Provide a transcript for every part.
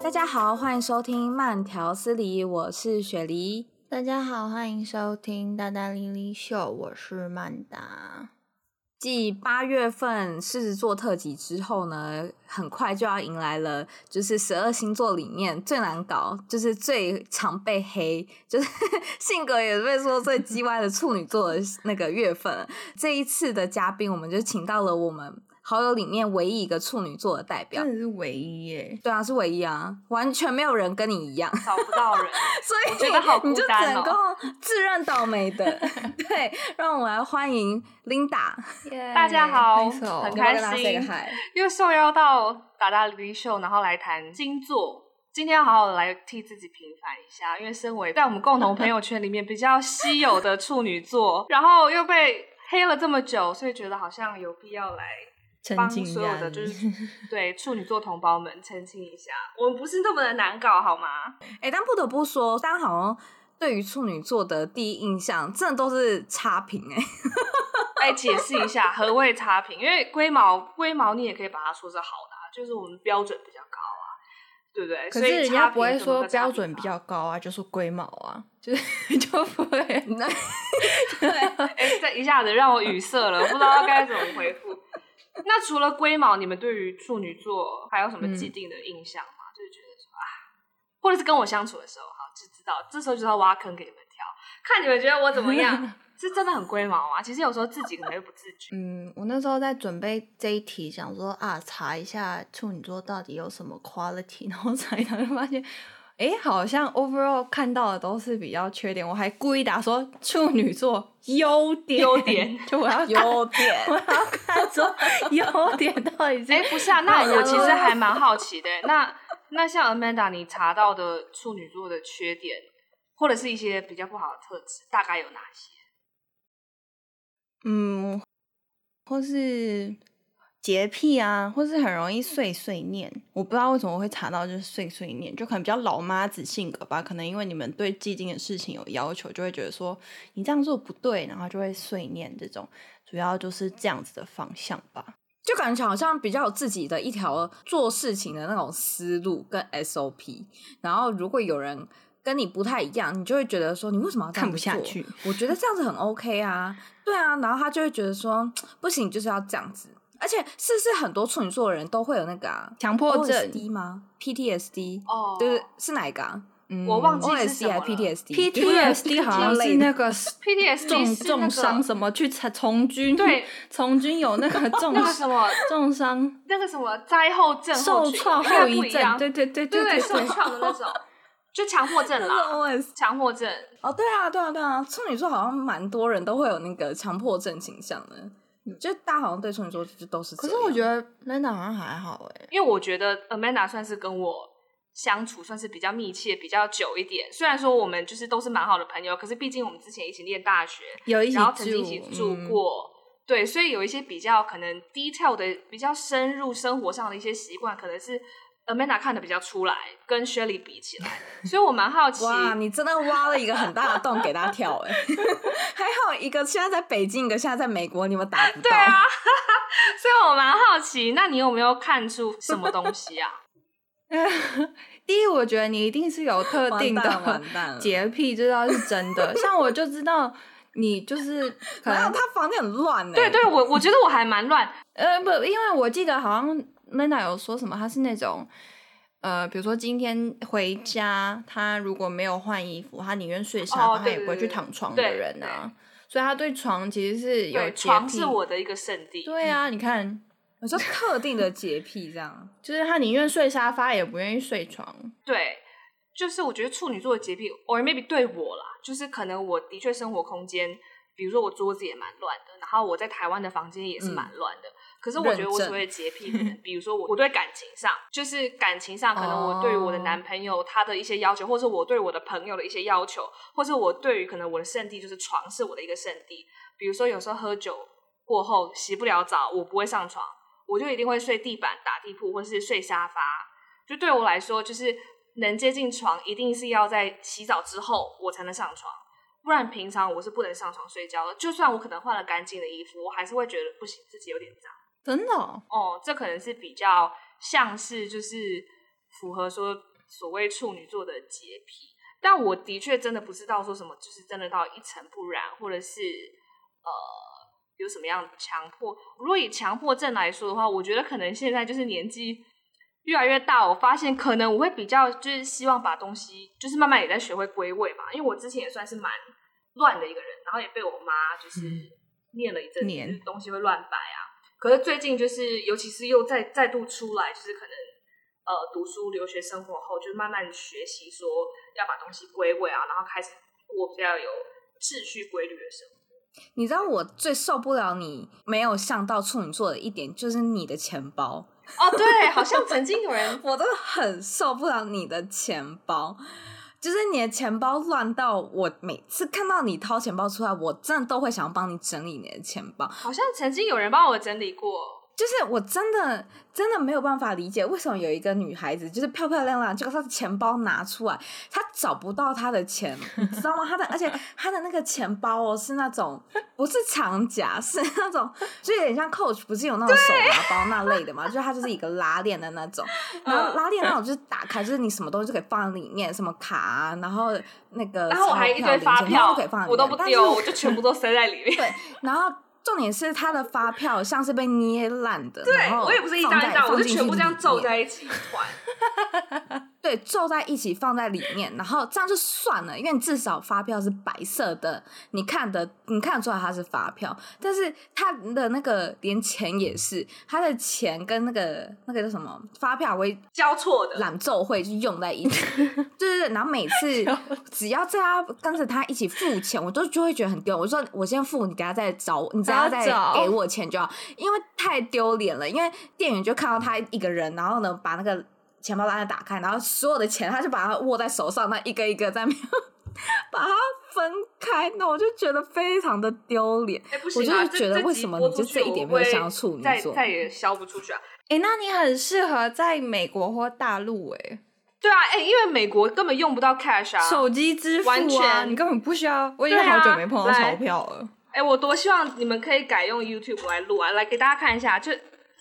大家好，歡迎收聽慢條斯理，我是雪梨。大家好，歡迎收聽大大哩哩秀，我是曼達。繼八月份獅子座特輯之後呢，很快就要迎來了就是十二星座裡面最難搞、就是最常被黑、就是 性格也被說最機歪的處女座的那個月份。 這一次的嘉賓，我們就請到了我們。好友裡面唯一一個處女座的代表，真的是唯一耶！對啊，是唯一啊，完全沒有人跟你一樣，找不到人， 所以我覺得好孤單哦。你就自認倒霉的， 對，讓我們來歡迎 Linda， Yeah, 大家好，手很開心要又受邀到達達 Lily 秀，然後來談星座，今天要好好來替自己平反一下，因為身為在我們共同朋友圈裡面比較稀有的處女座， 然後又被黑了這麼久，所以覺得好像有必要來。幫所有的就是對處女座同胞們澄清一下，我們不是那麼的難搞好嗎？哎、欸，但不得不說，大家好像對於處女座的第一印象，真的都是差評哎、欸欸！解釋一下何為差評，因為龜毛龜毛，龜毛你也可以把它說是好的啊，就是我們標準比較高啊，對不對？可是人家不會說標準比較高啊，就說、是、龜毛啊，就是就不會很難。哎，這、欸、一下子讓我語塞了，不知道該怎麼回覆。那除了龜毛，你們對於處女座還有什麼既定的印象嗎？嗯、就是覺得說啊，或者是跟我相處的時候，好就知道這時候就知道要挖坑給你們跳，看你們覺得我怎麼樣？ 是真的很龜毛啊。其實有時候自己可能又不自覺。嗯，我那時候在準備這一題，想說啊，查一下處女座到底有什麼 quality，然後查一查就發現。哎、欸，好像 overall 看到的都是比較缺點，我還故意打說處女座優點，優點，就我要優點，我要看說優點到底是。哎、欸，不是、啊、那我其實還蠻好奇的 那，那那像 Amanda 你查到的處女座的缺點，或者是一些比較不好的特質，大概有哪些？嗯，或是。潔癖啊，或是很容易碎碎念，我不知道為什麼會查到就是碎碎念，就可能比較老媽子性格吧。可能因為你們對既定的事情有要求，就會覺得說你這樣做不對，然後就會碎念這種，主要就是這樣子的方向吧，就感覺好像比較有自己的一條做事情的那種思路跟 SOP。然後如果有人跟你不太一樣，你就會覺得說你為什麼要這樣？看不下去。我覺得這樣子很 OK 啊，對啊。然後他就會覺得說不行，就是要這樣子。而且是不是很多處女座的人都會有那個強迫症 D 嗎？PTSD 哦，就是是哪一個？嗯，我忘記 O S C 還是 P T S D。P T S D 好像是那個 P T S D 是那個重重傷什麼去從從軍，對，從軍有那個重那個什麼重傷那個什麼災後症受創後遺症。對對對對對，受創的那種就強迫症啦 O S 強迫症哦。對啊對啊對啊，處女座好像蠻多人都會有那個強迫症傾向的。就大家好像對處女座就都是這樣。可是我覺得 Amanda 好像還好哎、欸，因為我覺得 Amanda 算是跟我相處算是比較密切、比較久一點。雖然說我們就是都是蠻好的朋友，可是畢竟我們之前一起念大學，有一然後曾經一起住過，嗯、對，所以有一些比較可能 detail 的、比較深入生活上的一些習慣，可能是。阿曼達看得比較出來，跟雪莉比起來，所以我蠻好奇。哇，你真的挖了一個很大的洞給他跳哎！ 還好一個現在在北京，一個現在在美國，你有，沒有打不到。對啊，所以我蠻好奇，那你有沒有看出什麼東西啊？ 第一，我覺得你一定是有特定的潔癖，就知道是真的。像我就知道你就是可能他房間很亂。對，對，對，我我覺得我還蠻亂。 呃，不，因為我記得好像。Linda 有說什麼？他是那種，呃，比如說今天回家，他、嗯、如果沒有換衣服，他寧願睡沙發，他、哦、也不會去躺床的人啊。對對對，所以他對床其實是有潔癖，床是我的一個聖地。對啊，嗯、你看，有時候特定的潔癖，這樣 就是他寧願睡沙發，也不願意睡床。對，就是我覺得處女座的潔癖，or maybe 對我啦，就是可能我的確生活空間，比如說我桌子也蠻亂的，然後我在台灣的房間也是蠻亂的。嗯可是我覺得我所謂的潔癖的人，比如說我，我對感情上，就是感情上，可能我對於我的男朋友他的一些要求，或是我對我的朋友的一些要求，或是我對於可能我的聖地就是床是我的一個聖地。比如說有時候喝酒過後洗不了澡，我不會上床，我就一定會睡地板、打地鋪，或是睡沙發。就對我來說，就是能接近床，一定是要在洗澡之後我才能上床，不然平常我是不能上床睡覺的。就算我可能換了乾淨的衣服，我還是會覺得不行，自己有點髒。真的哦，哦，這可能是比較像是就是符合說所謂處女座的潔癖，但我的確真的不知道說什麼，就是真的到一塵不染，或者是呃有什麼樣的強迫。如果以強迫症來說的話，我覺得可能現在就是年紀越來越大，我發現可能我會比較就是希望把東西就是慢慢也在學會歸位嘛，因為我之前也算是蠻亂的一個人，然後也被我媽就是念了一陣年，東西會亂擺啊。可是最近就是，尤其是又再再度出來，就是可能呃讀書留學生活後，就慢慢學習說要把東西歸位啊，然後開始我比較有秩序規律的生活。你知道我最受不了你沒有像到處女座的一點，就是你的錢包哦，對，好像曾經有人， 我都很受不了你的錢包。就是你的錢包亂到，我每次看到你掏錢包出來，我真的都會想要幫你整理你的錢包。好像曾經有人幫我整理過。就是我真的真的沒有辦法理解，為什麼有一個女孩子就是漂漂亮亮就把、是、她的錢包拿出來，她找不到她的錢，你知道嗎？她的而且她的那個錢包哦是那種不是長夾，是那種，是是那種就有點像 Coach，不是有那種手拿包那類的嗎？對 就是它就是一個拉鏈的那種，然後拉鏈那種就是打開，就是你什麼東西就可以放裡面，什麼卡、啊，然後那個，然後我還一堆發票零錢都可以放，我都不丟，是我就全部都塞在裡面， 對，然後。重點是他的發票像是被捏爛的，對，然後放在我也不是一張一張，在我是全部這樣皺在一起一團。哈哈哈哈對，皺在一起放在裡面，然後這樣就算了，因為你至少發票是白色的，你看得，你看得出來它是發票。但是他的那個連錢也是，他的錢跟那個那個叫什麼發票會交錯的，攬奏會就用在一起。對對對，然後每次只要在他跟着他一起付錢， 我都就會覺得很丟。我說我先付，你給他再找，你只要再給我錢就好，因為太丟臉了。因為店員就看到他一個人，然後呢把那個。錢包把它打開，然後所有的錢他就把它握在手上，那一個一個在， 把它分開，那我就覺得非常的丟臉。我就是覺得為什麼你就這一點不要處會再你做再也消不出去啊！哎、欸，那你很適合在美國或大陸哎、欸？對啊，哎、欸，因為美國根本用不到 cash 啊，手機支付啊，完全你根本不需要。我已經好久沒碰到鈔票了。哎、啊欸，我多希望你們可以改用 YouTube 來錄啊，來給大家看一下就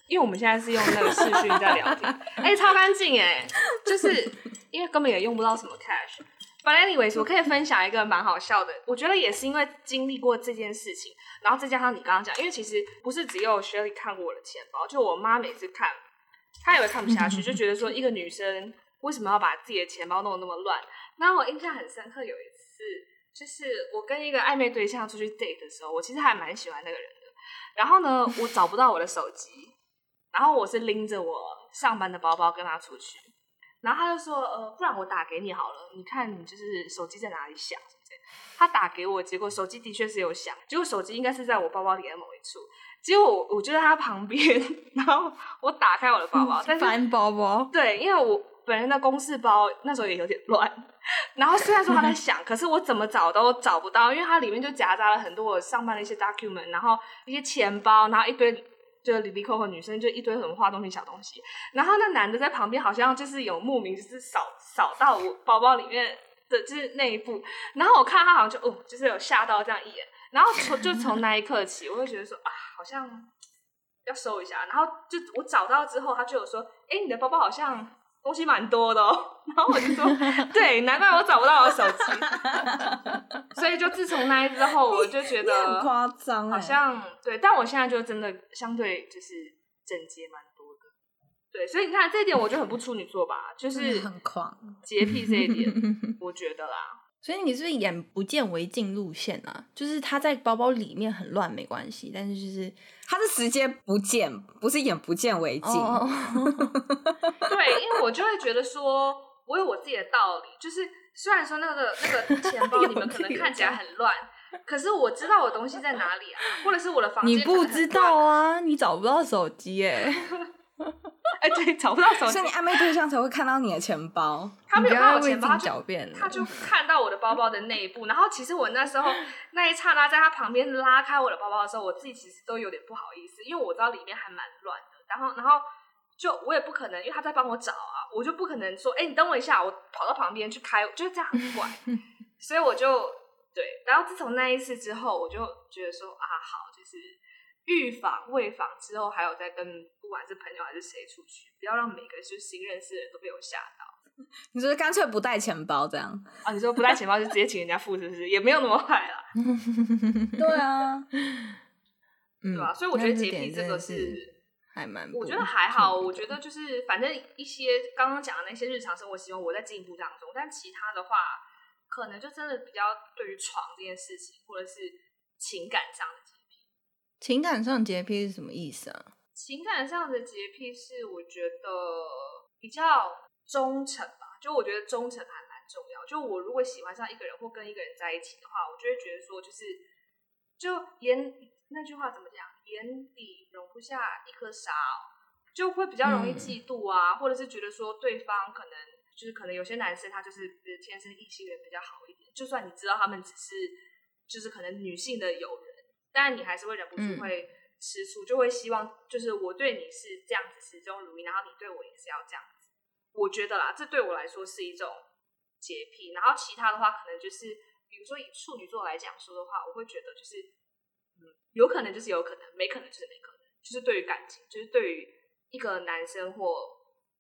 因為我們現在是用那個視訊在聊天，哎、欸，超乾淨哎，就是因為根本也用不到什麼 cash。But anyways，我可以分享一個蠻好笑的，我覺得也是因為經歷過這件事情，然後再加上你剛剛講，因為其實不是只有 Shirley 看過我的錢包，就我媽每次看，她也會看不下去，就覺得說一個女生為什麼要把自己的錢包弄得那麼亂。那我印象很深刻，有一次就是我跟一個曖昧對象出去 date 的時候，我其實還蠻喜歡那個人的，然後呢，我找不到我的手機。 然後我是拎着我上班的包包跟他出去，然後他就說：“呃，不然我打給你好了，你看你就是手機在哪裡響。是是”他打給我，結果手機的確是有響，結果手機應該是在我包包裡的某一處，結果我我就在他旁邊，然後我打開我的包包，翻包包，對，因為我本人的公事包那時候也有點亂，然後雖然說他在響，可是我怎麼找都找不到，因為它裡面就夾雜了很多我上班的一些 document，然後一些錢包，然後一堆。就 Lindy 和女生就一堆很花東西小東西，然後那男的在旁邊好像就是有莫名就是掃掃到我包包裡面的就是那一步。然後我看他好像就哦，就是有嚇到這樣一眼，然後從就從那一刻起，我就覺得說啊，好像要收一下，然後就我找到之後，他就有說，哎、欸，你的包包好像。東西蠻多的，哦，然後我就說， 對，難怪我找不到我的手機。 所以就自從那之後，我就覺得很誇張，好像、欸、對。但我現在就真的相對就是整潔蠻多的，對。所以你看這一點，我就很不處女座吧，就是很狂潔癖這一點，我覺得啦。 所以你是不是眼不見為淨路線啊？就是他在包包裡面很亂沒關係，但是就是他是時間不見，不是眼不見為淨。對，因為我就會覺得說，我有我自己的道理。就是雖然說那個那個錢包你們可能看起來很亂， 的可是我知道我東西在哪裡啊，或者是我的房間你不知道啊，你找不到手機誒、欸 哎、 欸，對，找不到手機，所以你曖昧對象才會看到你的錢包。他沒有看到我錢包，狡辯，他就，就看到我的包包的內部。 然後，其實我那時候那一剎那，在他旁邊拉開我的包包的時候，我自己其實都有點不好意思，因為我知道裡面還蠻亂的。然後，然後就我也不可能，因為他在幫我找啊，我就不可能說，哎、欸，你等我一下，我跑到旁邊去開，就是這樣很怪。 所以我就對，然後自從那一次之後，我就覺得說啊，好，就是。預防、未防之後，還有在跟不管是朋友還是誰出去，不要讓每個就是新認識的人都被我嚇到。你說乾脆不帶錢包這樣啊？你說不帶錢包就直接請人家付，是不是？ 也沒有那麼壞啦。對啊，對吧？所以我覺得潔癖這個這真的是還蠻……我覺得還好。我覺得就是反正一些剛剛講的那些日常生活習慣，我在進步當中。但其他的話，可能就真的比較對於床這件事情，或者是情感上。情感上潔癖是什麼意思啊？情感上的潔癖是我覺得比較忠誠吧，就我覺得忠誠還蠻重要。就我如果喜歡上一個人或跟一個人在一起的話，我就會覺得說、就是，就是就眼，那句話怎麼講？眼底容不下一顆沙，就會比較容易嫉妒啊，嗯、或者是覺得說對方可能就是可能有些男生他就是天生異性緣比較好一點，就算你知道他們只是就是可能女性的友誼。但你還是會忍不住會吃醋，嗯、就會希望就是我對你是這樣子始終如一，然後你對我也是要這樣子。我覺得啦，這對我來說是一種潔癖。然後其他的話，可能就是比如說以處女座來講說的話，我會覺得就是、嗯、有可能就是有可能，沒可能就是沒可能。就是對於感情，就是對於一個男生或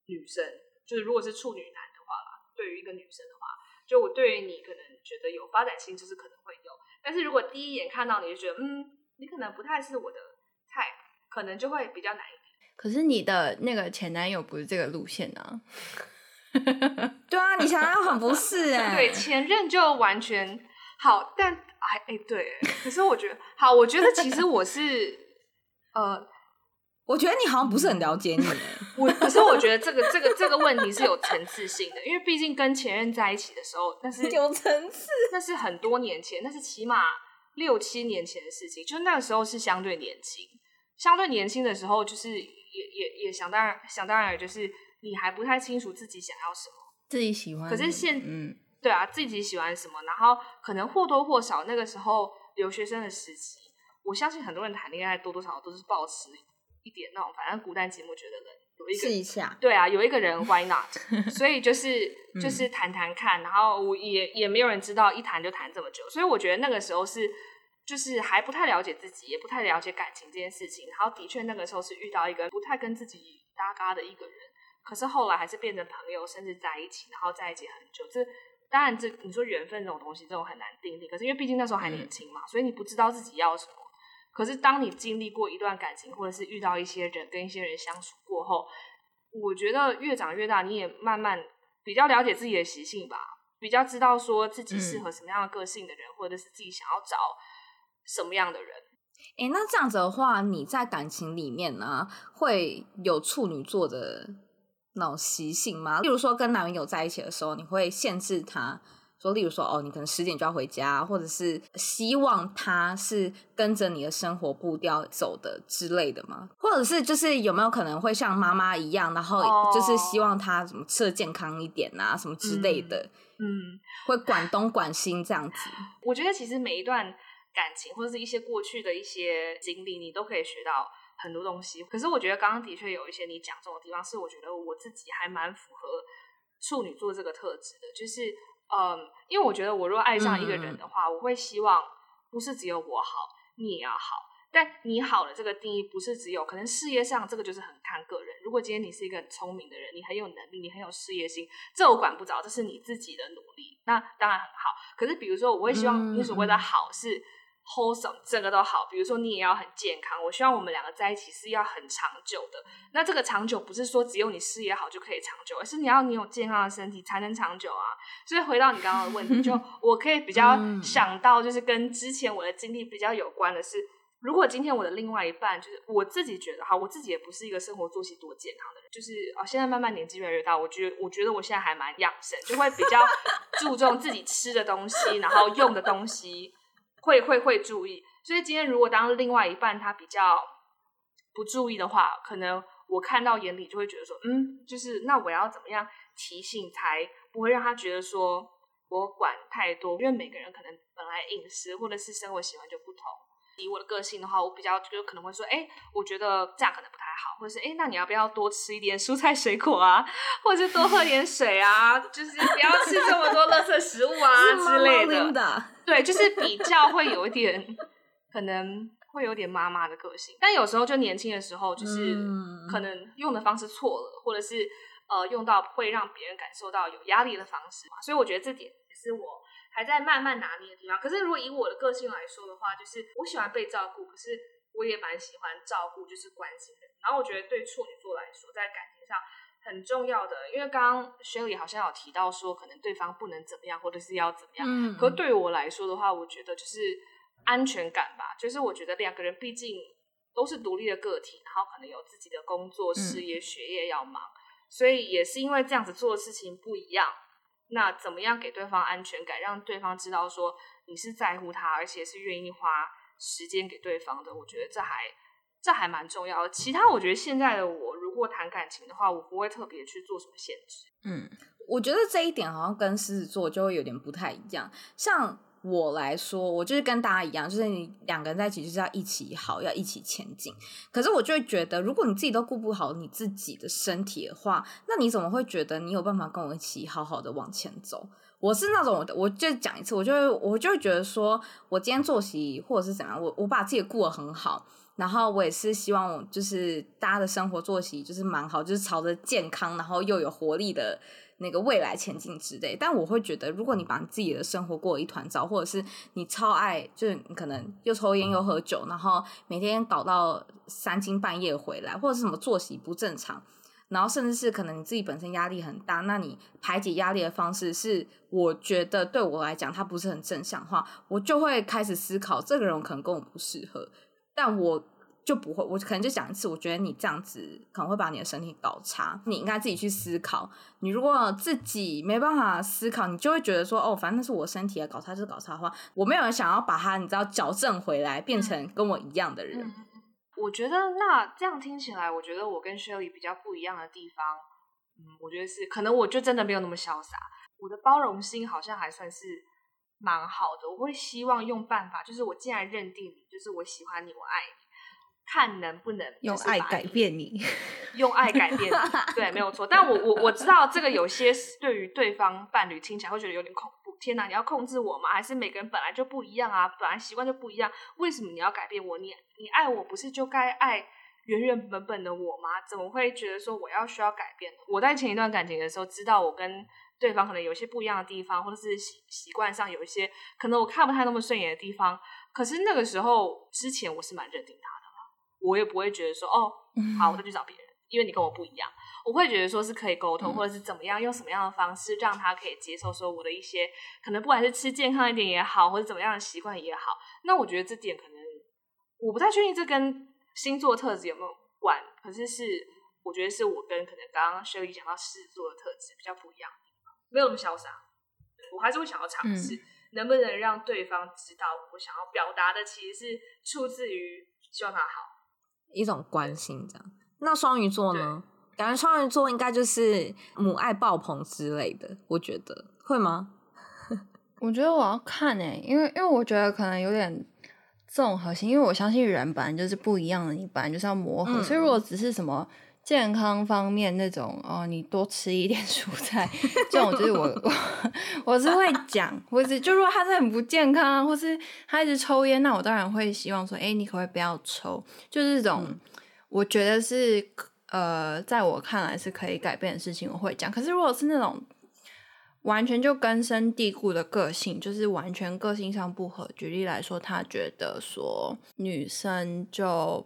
女生，就是如果是處女男的話啦，對於一個女生的話，就我對於你可能覺得有發展性，就是可能會。但是如果第一眼看到你就覺得嗯，你可能不太是我的菜，可能就會比較難一點。可是你的那個前男友不是這個路線啊？ 對啊，你前男友很不是哎、欸， 前任就完全好，但哎哎對。可是我覺得好，我覺得其實我是 呃。我覺得你好像不是很了解你。 我可是我覺得這個這個這個問題是有層次性的，因為畢竟跟前任在一起的時候，那是有層次，那是很多年前，那是起碼六七年前的事情。就那個時候是相對年輕，相對年輕的時候，就是也也也想當然想當然，就是你還不太清楚自己想要什麼，自己喜歡。可是現嗯，對啊，自己喜歡什麼，然後可能或多或少那個時候留學生的時期，我相信很多人談戀愛多多少少都是抱持。一點那種，反正孤單寂寞覺得冷，試一,一下、嗯。對啊，有一個人，Why not？ 所以就是就是談談看，然後也也沒有人知道，一談就談這麼久。所以我覺得那個時候是就是還不太了解自己，也不太了解感情這件事情。然後的確那個時候是遇到一個不太跟自己搭嘎的一個人，可是後來還是變成朋友，甚至在一起，然後在一起很久。這當然這你說緣分這種東西，這種很難定義。可是因為畢竟那時候還年輕嘛，嗯、所以你不知道自己要什麼。可是，當你經歷過一段感情，或者是遇到一些人跟一些人相處過後，我覺得越長越大，你也慢慢比較了解自己的習性吧，比較知道說自己適合什麼樣的個性的人，嗯、或者是自己想要找什麼樣的人。哎、欸，那這樣子的話，你在感情裡面呢、啊，會有處女座的那種習性嗎？例如說，跟男友在一起的時候，你會限制他？說，例如說，哦，你可能十點就要回家，或者是希望他是跟着你的生活步調走的之類的嗎？或者是就是有沒有可能會像媽媽一樣，然後就是希望他什麼吃的健康一點啊，哦、什麼之類的？嗯，嗯，會管東管西這樣子。我覺得其實每一段感情或者是一些過去的一些經歷，你都可以學到很多東西。可是我覺得剛剛的確有一些你講中的地方，是我覺得我自己還蠻符合處女座這個特質的，就是。嗯，因為我覺得，我如果愛上一個人的話，我會希望不是只有我好，你也要好。但你好的這個定義不是只有，可能事業上這個就是很看個人。如果今天你是一個很聰明的人，你很有能力，你很有事業心，這我管不着，這是你自己的努力。那當然很好。可是比如說，我會希望你所謂的好是。整個都好，比如說你也要很健康。我希望我們兩個在一起是要很長久的。那這個長久不是說只有你事業好就可以長久，而是你要你有健康的身體才能長久啊。所以回到你剛剛的問題，就我可以比較想到，就是跟之前我的經歷比較有關的是，如果今天我的另外一半，就是我自己覺得好，我自己也不是一個生活作息多健康的人，就是哦，現在慢慢年紀越來越大，覺得我覺得我覺得我現在還蠻養生，就會比較注重自己吃的東西， 然後用的東西。會會會注意，所以今天如果當另外一半他比較不注意的話，可能我看到眼裡就會覺得說，嗯，就是那我要怎麼樣提醒才不會讓他覺得說我管太多？因為每個人可能本來飲食或者是生活習慣就不同。以我的個性的話，我比較就可能會說，哎、欸，我覺得這樣可能不太好，或者是哎、欸，那你要不要多吃一點蔬菜水果啊，或者是多喝點水啊， 就是不要吃這麼多垃圾食物啊 之類的。 對，就是比較會有一點， 可能會有一點媽媽的個性，但有時候就年輕的時候，就是可能用的方式錯了，嗯、或者是呃，用到會讓別人感受到有壓力的方式嘛，所以我覺得這點也是我。還在慢慢拿捏的地方。可是，如果以我的個性來說的話，就是我喜歡被照顧，可是我也蠻喜歡照顧，就是關心的。然後，我覺得對處女座來說，在感情上很重要的，因為剛剛 Shirley 好像有提到說，可能對方不能怎麼樣，或者是要怎麼樣。嗯。可對我來說的話，我覺得就是安全感吧。就是我覺得兩個人畢竟都是獨立的個體，然後可能有自己的工作、事業、學業要忙，所以也是因為這樣子做的事情不一樣。那怎麼樣給對方安全感，讓對方知道說你是在乎他，而且是願意花時間給對方的？我覺得這還這還蠻重要的。其他我覺得現在的我，如果談感情的話，我不會特別去做什麼限制。嗯，我覺得這一點好像跟獅子座就會有點不太一樣，像。我來說，我就是跟大家一樣，就是你兩個人在一起就是要一起好，要一起前進。可是我就會覺得，如果你自己都顧不好你自己的身體的話，那你怎麼會覺得你有辦法跟我一起好好的往前走？我是那種，我就講一次，我就會，我就會覺得說，我今天作息或者是怎樣，我我把自己顧得很好，然後我也是希望，我就是大家的生活作息就是蠻好，就是朝着健康，然後又有活力的。那個未來前進之類，但我會覺得，如果你把你自己的生活過一團糟，或者是你超愛，就是你可能又抽菸又喝酒，然後每天搞到三更半夜回來，或者是什麼作息不正常，然後甚至是可能你自己本身壓力很大，那你排解壓力的方式是，我覺得對我來講它不是很正向的話，我就會開始思考，這個人可能跟我不適合，但我。就不會，我可能就講一次。我覺得你這樣子可能會把你的身體搞差，你應該自己去思考。你如果自己沒辦法思考，你就會覺得說，哦，反正那是我身體啊，搞差就是搞差的話，我沒有想要把它，你知道，矯正回來，變成跟我一樣的人。嗯嗯嗯，我覺得那這樣聽起來，我覺得我跟 Shirley 比較不一樣的地方，嗯，我覺得是可能我就真的沒有那麼瀟灑，我的包容心好像還算是蠻好的。我會希望用辦法，就是我既然認定你，就是我喜歡你，我愛你。看能不能用愛改變你， 用愛改變你，對，沒有錯。但我我我知道這個有些對於對方伴侶聽起來會覺得有點恐怖。天哪，你要控制我嗎？還是每個人本來就不一樣啊？本來習慣就不一樣，為什麼你要改變我？你你愛我不是就該愛原原本本的我嗎？怎麼會覺得說我要需要改變？我在前一段感情的時候，知道我跟對方可能有些不一樣的地方，或者是習，習慣上有一些可能我看不太那麼順眼的地方。可是那個時候之前我是蠻認定他。我也不會覺得說哦，好，我再去找別人，嗯、哼因為你跟我不一樣。我會覺得說是可以溝通，嗯、或者是怎麼樣，用什麼樣的方式讓他可以接受，說我的一些可能不管是吃健康一點也好，或者怎麼樣的習慣也好。那我覺得這點可能我不太確定，這跟星座特質有沒有關？可是是，我覺得是我跟可能剛剛 Shirley 講到獅子座的特質比較不一樣，沒有那麼瀟灑。我還是會想要嘗試，嗯、能不能讓對方知道我想要表達的其實是出自於希望他好。一種關心這樣，那雙魚座呢？對感覺雙魚座應該就是母愛爆棚之類的，我覺得會嗎？ 我覺得我要看誒、欸，因為因為我覺得可能有點這種核心，因為我相信人本來就是不一樣的，你本來就是要磨合，嗯、所以如果只是什麼。健康方面那種哦，你多吃一點蔬菜，這種就是我我我是會講，或是就如果他是很不健康，或是他一直抽煙，那我當然會希望說，哎、欸，你可不可以不要抽？就是這種，我覺得是呃，在我看來是可以改變的事情，我會講。可是如果是那種完全就根深蒂固的個性，就是完全個性上不合，舉例來說，他覺得說女生就。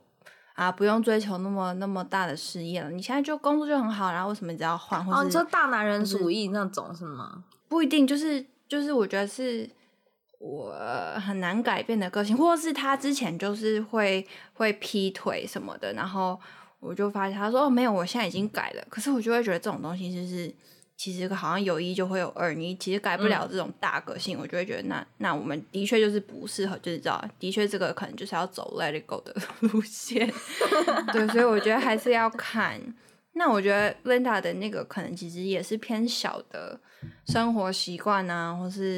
啊，不用追求那麼那麼大的事業了。你現在就工作就很好，然後為什麼你只要換？或是哦，你說大男人主義那種是嗎？不一定，就是就是，我覺得是我很難改變的個性，或者是他之前就是會會劈腿什麼的，然後我就發現他說哦，沒有，我現在已經改了。可是我就會覺得這種東西就是。其實好像有一就會有二，你其實改不了這種大個性，嗯、我就會覺得那那我們的確就是不適合，就是知道，的確這個可能就是要走 let it go 的路線， 對，所以我覺得還是要看。那我覺得 Linda 的那個可能其實也是偏小的生活習慣啊，或是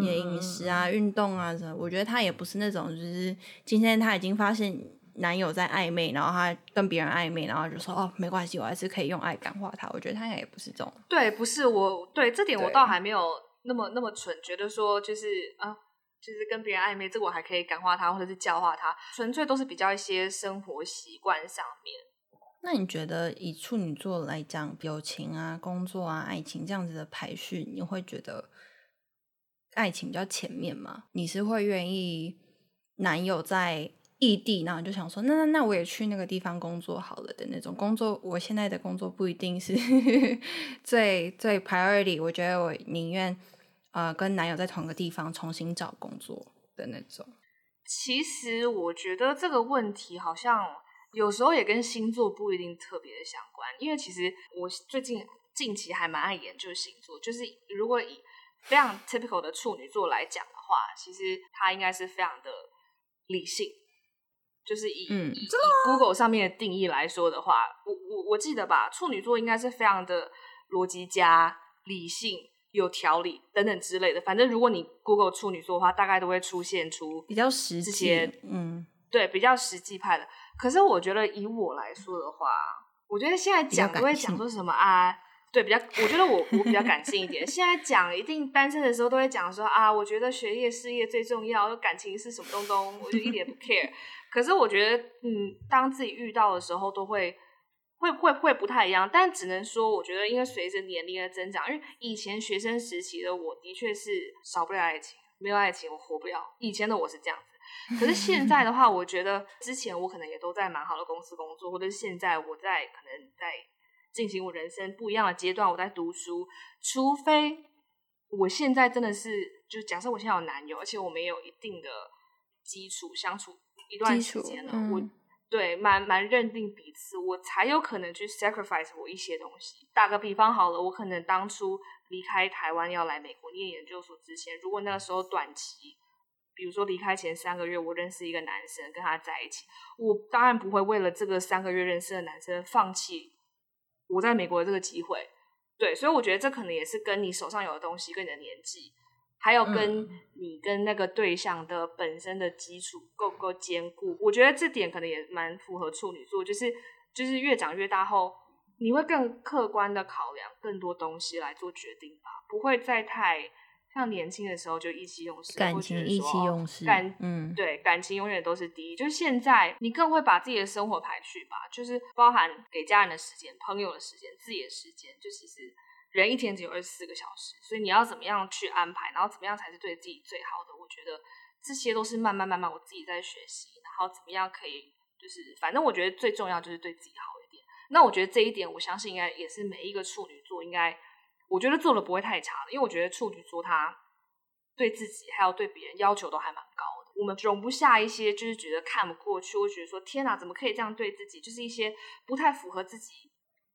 你的飲食啊、運動啊什麼，我覺得他也不是那種就是今天他已經發現。男友在曖昧，然後他跟別人曖昧，然後就說哦，沒關係，我還是可以用愛感化他。我覺得他應該也不是這種，對，不是我，對這點我倒還沒有那麼對那麼蠢，覺得說就是啊，就是跟別人曖昧，這我還可以感化他或者是教化他，純粹都是比較一些生活習慣上面。那你覺得以處女座來講，表情啊、工作啊、愛情這樣子的排序，你會覺得愛情比較前面嗎？你是會願意男友在？異地，那我就想說，那那那我也去那個地方工作好了的那種工作，我現在的工作不一定是 最最 priority。我覺得我寧願呃跟男友在同個地方重新找工作的那種。其實我覺得這個問題好像有時候也跟星座不一定特別的相關，因為其實我最近近期還蠻愛研究星座。就是如果以非常 typical 的處女座來講的話，其實他應該是非常的理性。就是以、嗯、以 Google 上面的定義來說的話，我我我記得吧，處女座應該是非常的邏輯加理性、有條理等等之類的。反正如果你 Google 處女座的話，大概都會出現出比較實際，嗯，對，比較實際派的。可是我覺得以我來說的話，我覺得現在講都會講說什麼啊，對，比較我覺得我我比較感性一點。 現在講一定單身的時候都會講說啊，我覺得學業事業最重要，感情是什麼東東，我就一點不 care。 可是我覺得，嗯，當自己遇到的時候，都會會會會不太一樣。但只能說，我覺得，應該隨着年齡的增長，因為以前學生時期的我，的確是少不了愛情，沒有愛情我活不了。以前的我是這樣子。可是現在的話，我覺得之前我可能也都在蠻好的公司工作，或者是現在我在可能在進行我人生不一樣的階段，我在讀書。除非我現在真的是，就假設我現在有男友，而且我們也有一定的基礎相處。一段時間了，嗯、我對蠻蠻認定彼此，我才有可能去 sacrifice 我一些東西。打個比方好了，我可能當初離開台灣要來美國念研究所之前，如果那個時候短期，比如說離開前三個月，我認識一個男生，跟他在一起，我當然不會為了這個三個月認識的男生放棄我在美國的這個機會。對，所以我覺得這可能也是跟你手上有的東西，跟你的年紀。還有跟你跟那個對象的本身的基礎夠不夠堅固？我覺得這點可能也蠻符合處女座，就是就是越長越大後，你會更客觀的考量更多東西來做決定吧，不會再太像年輕的時候就意氣用事。感情意氣用事，感嗯，對，感情永遠都是第一。就是現在你更會把自己的生活排序吧，就是包含給家人的時間、朋友的時間、自己的時間，就其實。人一天只有二十四個小時，所以你要怎麼樣去安排，然後怎麼樣才是對自己最好的？我覺得這些都是慢慢慢慢我自己在學習，然後怎麼樣可以，就是反正我覺得最重要就是對自己好一點。那我覺得這一點，我相信應該也是每一個處女座應該，我覺得做的不會太差的，因為我覺得處女座他對自己還有對別人要求都還蠻高的，我們容不下一些就是覺得看不過去，我覺得說天哪、啊，怎麼可以這樣對自己？就是一些不太符合自己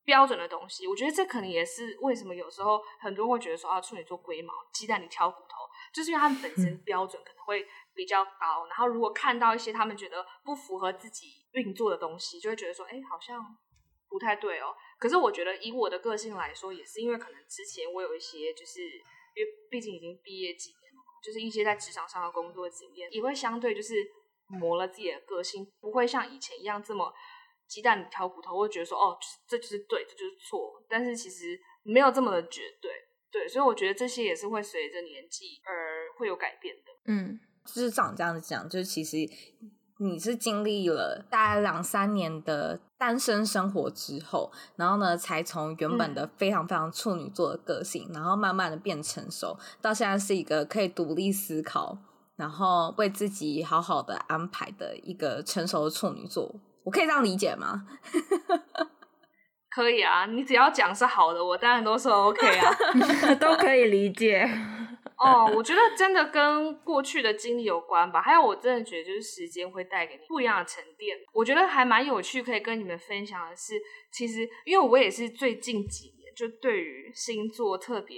標準的東西，我覺得這可能也是為什麼有時候很多人會覺得說啊，處女座龜毛，雞蛋裡挑骨頭，就是因為他們本身標準可能會比較高。然後如果看到一些他們覺得不符合自己運作的東西，就會覺得說，哎、欸，好像不太對哦、喔。可是我覺得以我的個性來說，也是因為可能之前我有一些，就是因為畢竟已經畢業幾年了，就是一些在職場上的工作經驗，也會相對就是磨了自己的個性，不會像以前一樣這麼。雞蛋裡挑骨頭，我會覺得說哦，這就是對，這就是錯，但是其實沒有這麼的絕對，對，所以我覺得這些也是會隨着年紀而會有改變的。嗯，就是長這樣子講，就是其實你是經歷了大概兩三年的單身生活之後，然後呢，才從原本的非常非常處女座的個性，嗯、然後慢慢的變成熟，到現在是一個可以獨立思考，然後為自己好好的安排的一個成熟的處女座。我可以這樣理解嗎？ 可以啊，你只要講是好的，我當然都說 OK 啊， 都可以理解。哦 ，oh, 我覺得真的跟過去的經歷有關吧，還有我真的覺得就是時間會帶給你不一樣的沉澱。我覺得還蠻有趣，可以跟你們分享的是，其實因為我也是最近幾年就對於星座特別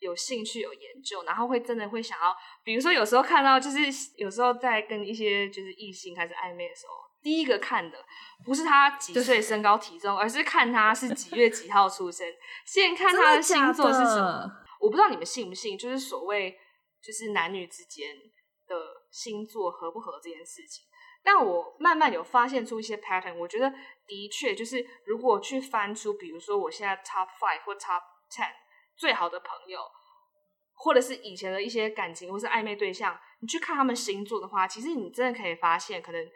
有興趣有研究，然後會真的會想要，比如說有時候看到就是有時候在跟一些就是異性開始曖昧的時候。第一個看的不是他幾歲、身高、體重， 而是看他是幾月幾號出生。先看他的星座是什麼？真的假的？我不知道你們信不信，就是所謂就是男女之間的星座合不合這件事情。但我慢慢有發現出一些 pattern，我覺得的確就是如果去翻出，比如說我現在 top five 或 top ten 最好的朋友，或者是以前的一些感情或是曖昧對象，你去看他們星座的話，其實你真的可以發現可能。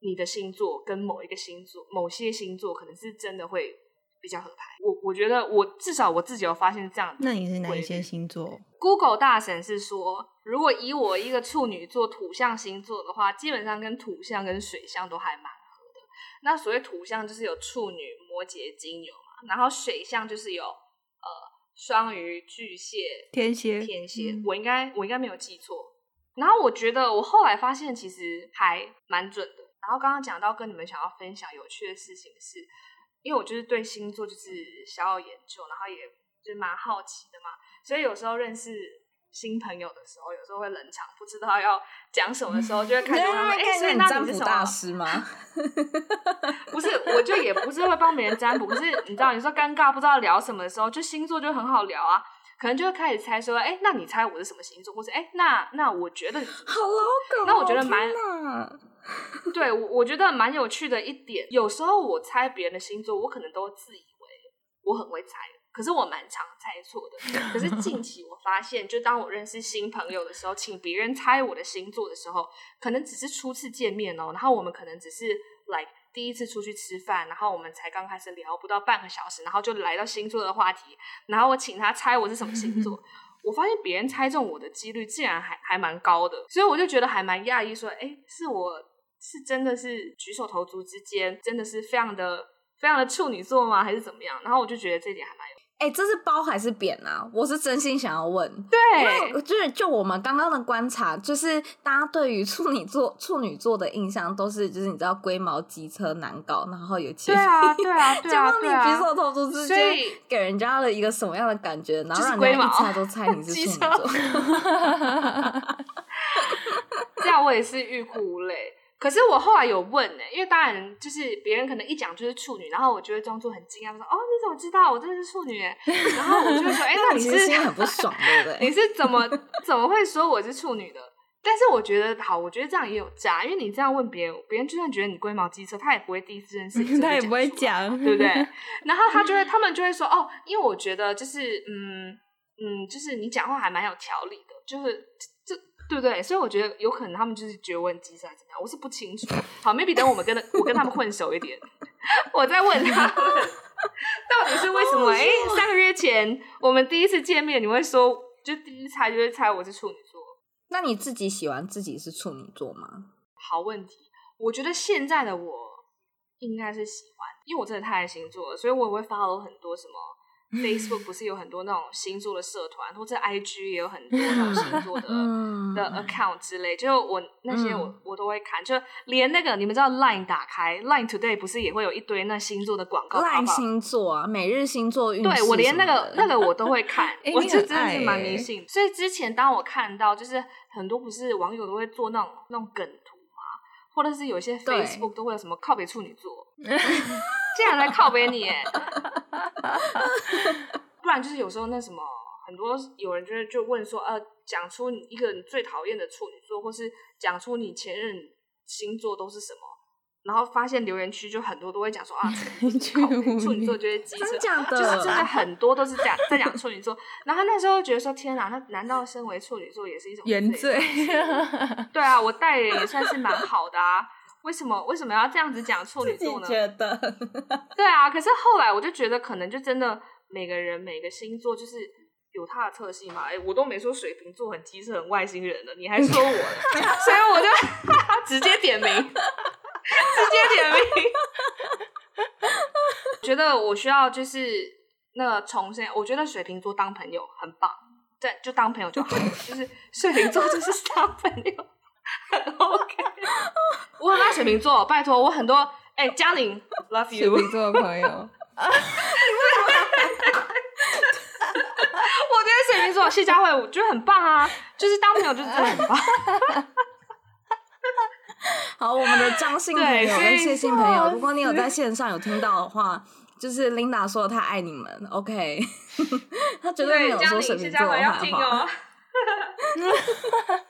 你的星座跟某一個星座，某些星座可能是真的會比較合拍。我我覺得我至少我自己有發現是這樣。那你是哪一些星座？Google 大神是說，如果以我一個處女座土象星座的話，基本上跟土象跟水象都還蠻合的。那所謂土象就是有處女、摩羯、金牛嘛，然後水象就是有呃雙魚、巨蟹、天蠍蠍、天蠍蠍。我應該我應該沒有記錯。嗯，然後我覺得我後來發現其實還蠻準。然後剛剛講到跟你們想要分享有趣的事情是，是因為我就是對星座就是小有研究，然後也就是蠻好奇的嘛。所以有時候認識新朋友的時候，有時候會冷場，不知道要講什麼的時候，就會開始問：“哎，那你占卜大師嗎？”是 不是，我就也不是會幫別人占卜，可 是你知道，你說尷尬不知道聊什麼的時候，就星座就很好聊啊。可能就會開始猜說：“哎，那你猜我是什麼星座？”或者：“哎，那那我覺得好老梗，我那我覺得蠻。” 對我我覺得蠻有趣的一點，有時候我猜別人的星座，我可能都自以為我很會猜，可是我蠻常猜錯的。可是近期我發現，就當我認識新朋友的時候，請別人猜我的星座的時候，可能只是初次見面哦，然後我們可能只是來、like, 第一次出去吃飯，然後我們才剛開始聊不到半個小時，然後就來到星座的話題，然後我請他猜我是什麼星座， 我發現別人猜中我的幾率竟然還還蠻高的，所以我就覺得還蠻訝異，說，哎，是我。是真的是舉手投足之間，真的是非常的非常的處女座嗎？還是怎麼樣？然後我就覺得這點還蠻有……哎、欸，這是褒還是貶啊？我是真心想要問。對，因為就是就我們剛剛的觀察，就是大家對於處女座處女座的印象都是，就是你知道龜毛機車難搞，然後有氣、啊。對啊對啊對 就你舉手投足之間以，給人家了一個什麼樣的感覺？然後讓龜毛一都猜你是處女座。 這樣我也是欲哭無淚。可是我後來有問呢、欸，因為當然就是別人可能一講就是處女，然後我就裝作很驚訝，說：“哦，你怎麼知道我真的是處女？”然後我就會說：“哎、欸，那 你是很不爽，對不對？你是怎麼怎麼會說我是處女的？” 但是我覺得好，我覺得這樣也有詐，因為你這樣問別人，別人就算覺得你龜毛機車，他也不會第一次認識， 他也不會講， 對不對？然後他就會，他們就會說：“哦，因為我覺得就是嗯嗯，就是你講話還蠻有條理的，就是。”對不對？所以我覺得有可能他們就是覺得機在還是樣？我是不清楚。好，maybe 等我們跟的 我跟他們混熟一點， 我再問他們 到底是為什麼。哎，三個月前 我們第一次見面，你會說就第一猜就會猜我是處女座。那你自己喜歡自己是處女座嗎？好問題，我覺得現在的我應該是喜歡，因為我真的太愛星座了，所以我也會發 o 很多什麼。 Facebook 不是有很多那種星座的社團，或者 IG 也有很多那種星座的 的 account 之類，就我那些我 我都會看，就連那個你們知道 Line 打開 Line Today 不是也會有一堆那星座的廣告嗎？Line 星座啊，每日星座運勢。對，我連那個那個我都會看， 欸欸、我這真的是蠻迷信。所以之前當我看到就是很多不是網友都會做那種那種梗圖啊，或者是有些 Facebook 對都會有什麼靠北處女座，竟然來靠北你耶。 不然就是有時候那什麼，很多有人就是就問說，呃、啊，講出你一個你最討厭的處女座，或是講出你前任星座都是什麼，然後發現留言區就很多都會講說啊， 處女座就是，覺得真的、啊，就是現在很多都是這樣在講處女座， 然後那時候就覺得說天哪，那難道身為處女座也是一種原罪？ 對啊，我待人也算是蠻好的啊。為什麼為什麼要這樣子講處女座呢？覺得，對啊。可是後來我就覺得，可能就真的每個人每個星座就是有它的特性嘛，欸。我都沒說水瓶座很機智、很外星人的。你還說我， 所以我就直接點名，直接點名。 覺得我需要就是那個重新，我覺得水瓶座當朋友很棒，對，就當朋友就好了 就是水瓶座就是當朋友。OK，我很愛水瓶座，拜託我很多。哎、欸，嘉玲，Love you。水瓶座的朋友， 我覺得水瓶座謝佳慧我覺得很棒啊，就是當朋友就是很棒。 好，我們的張姓朋友跟謝姓朋友，對如果你有在線上有聽到的話， 就是琳達說他愛你們，OK，他 絕對沒有說水瓶座壞話。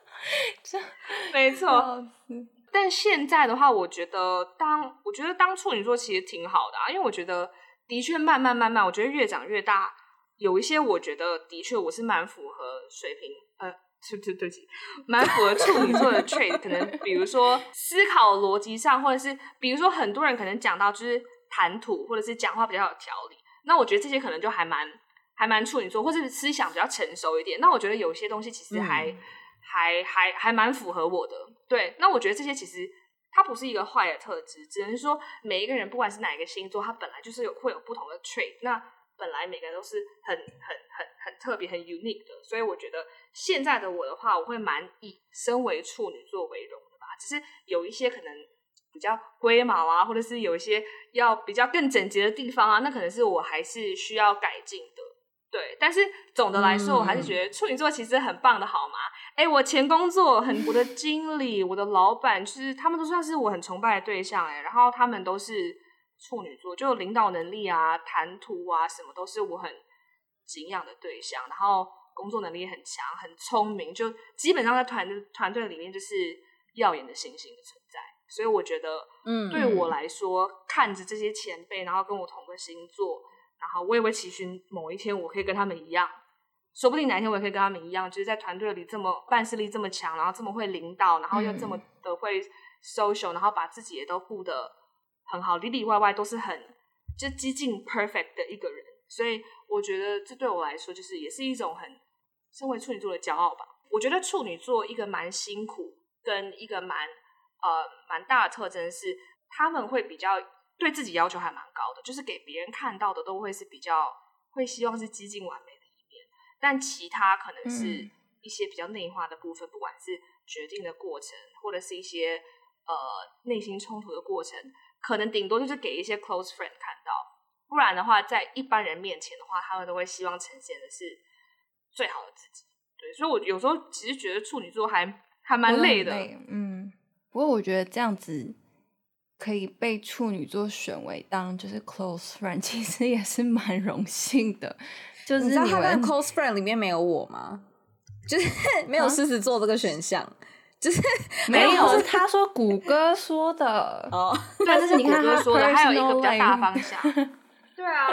沒錯，但現在的話我，我覺得當我覺得當處女座其實挺好的啊，因為我覺得的確慢慢慢慢，我覺得越長越大，有一些我覺得的確我是蠻符合水平，呃，對對對，蠻符合處女座的 trait 可能比如說思考邏輯上，或者是比如說很多人可能講到就是談吐或者是講話比較有條理，那我覺得這些可能就還蠻還蠻處女座，或者是思想比較成熟一點，那我覺得有些東西其實還。嗯還還還蠻符合我的，對。那我覺得這些其實它不是一個壞的特質，只能說每一個人不管是哪一個星座，他本來就是有會有不同的 trait。那本來每個人都是很很很很特別、很 unique 的，所以我覺得現在的我的話，我會蠻以身為處女座為榮的吧。只是有一些可能比較龜毛啊，或者是有一些要比較更整潔的地方啊，那可能是我還是需要改進的。對，但是總的來說，我還是覺得處女座其實很棒的，好嗎？嗯哎、欸，我前工作很，我的經理、我的老闆，就是他們都算是我很崇拜的對象、欸。哎，然後他們都是處女座，就領導能力啊、談吐啊什麼，都是我很敬仰的對象。然後工作能力也很強，很聰明，就基本上在團團隊裡面就是耀眼的星星的存在。所以我覺得，嗯，對我來說，嗯、看着這些前輩，然後跟我同個星座，然後我也會祈求某一天，我可以跟他們一樣。說不定哪天我也可以跟他們一樣，就是在團隊裡這麼辦事力這麼強，然後這麼會領導，然後又這麼的會 social，然後把自己也都顧得很好，裡裡外外都是很就接近 perfect 的一個人。所以我覺得這對我來說就是也是一種很身為處女座的驕傲吧。我覺得處女座一個蠻辛苦跟一個蠻呃蠻大的特徵是，他們會比較對自己要求還蠻高的，就是給別人看到的都會是比較會希望是接近完。但其他可能是一些比較內化的部分，嗯、不管是決定的過程，或者是一些呃內心衝突的過程，可能頂多就是給一些 close friend 看到，不然的話，在一般人面前的話，他們都會希望呈現的是最好的自己。對，所以我有時候其實覺得處女座還還蠻累的。的累。嗯，不過我覺得這樣子可以被處女座選為當就是 close friend，其實也是蠻榮幸的。你知道他們 close friend 裡面沒有我嗎？就是沒有獅子座這個選項，就是沒有。他說谷歌說的哦，對，這是你看他說的。還有一個比較大方向，對啊。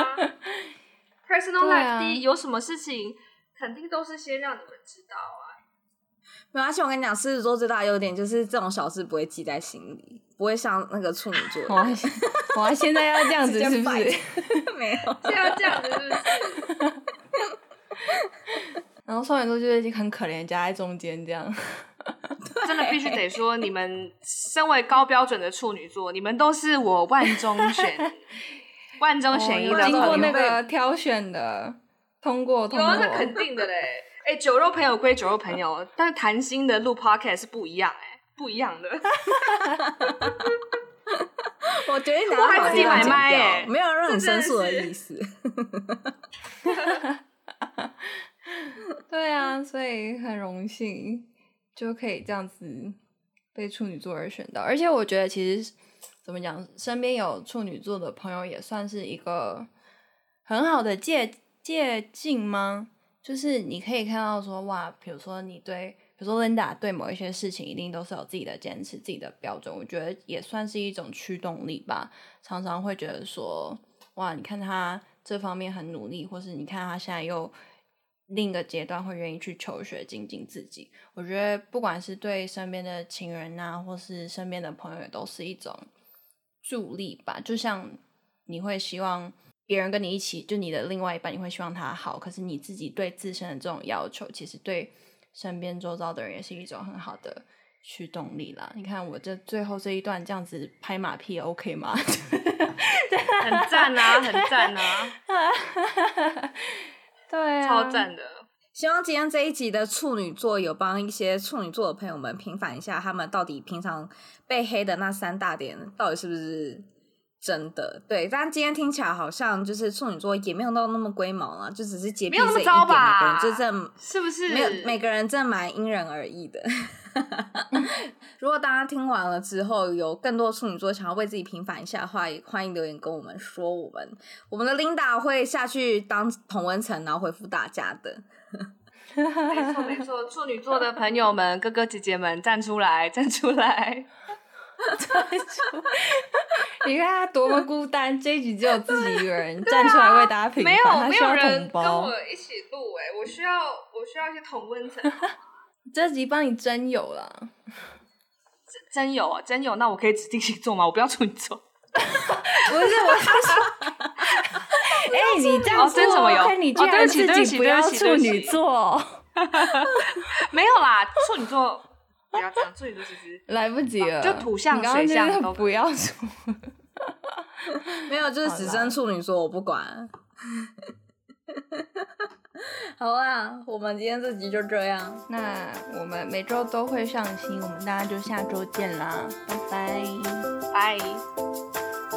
Personal life 第，有什麼事情肯定都是先讓你們知道啊。沒有，而且我跟你講，獅子座最大的優點就是這種小事不會記在心裡，不會像那個處女座。我我現在要這樣子是不是？沒有，就要這樣子。然後處女座就已經很可憐，夾在中間這樣，真的必須得說，你們身為高標準的處女座，你們都是我萬中選、萬中選一的，經過那個挑選的，通過通過，那肯定的嘞。哎，酒肉朋友歸酒肉朋友，但是談心的錄 podcast 是不一樣，哎，不一樣的。我直接拿把刀剪掉哎，沒有任何申訴的意思。 對啊，所以很榮幸就可以這樣子被處女座而選到，而且我覺得其實怎麼講，身邊有處女座的朋友也算是一個很好的借借鏡嗎？就是你可以看到說，哇，比如說你對，比如說 Linda 對某一些事情一定都是有自己的堅持、自己的標準，我覺得也算是一種驅動力吧。常常會覺得說，哇，你看他。這方面很努力，或是你看他現在又另一個階段會願意去求學、精進自己，我覺得不管是對身邊的情人啊或是身邊的朋友，也都是一種助力吧。就像你會希望別人跟你一起，就你的另外一半，你會希望他好，可是你自己對自身的這種要求，其實對身邊周遭的人也是一種很好的驅動力啦。你看我這最後這一段這樣子拍馬屁，OK 嗎？ 很讚吶、啊，很讚吶、啊， 對、啊，超讚的。希望今天這一集的處女座，有幫一些處女座的朋友們平反一下，他們到底平常被黑的那三大點，到底是不是？真的，對，但今天聽起來好像就是處女座也沒有到那麼龜毛了，就只是潔癖這一點而已，就這是不是？沒有，每個人真的蠻因人而異的。 如果大家聽完了之後，有更多處女座想要為自己平反一下的話，也歡迎留言跟我們說，我們我們的 Linda 會下去當同溫層，然後回復大家的。 沒錯沒錯，處女座的朋友們， 哥哥姐姐們，站出來，站出來！太醜！你看他多麼孤單，這一集只有自己一個人站出來為大家平反，他需要同胞一起錄。哎，我需要我需要去同溫層，這集幫你真有了，真有真有，那我可以指定星座嗎？我不要處女座，不是我。說，哎，你這樣說，我看你居然自己不要處女座，沒有啦，處女座。不、 就是、來不及了，啊、就土象你剛剛就水象都不要說， 沒有就是只剩處女座，我不管。好啊的，我們今天這集就這樣，那我們每周都會上新，我們大家就下周見啦，拜拜，拜。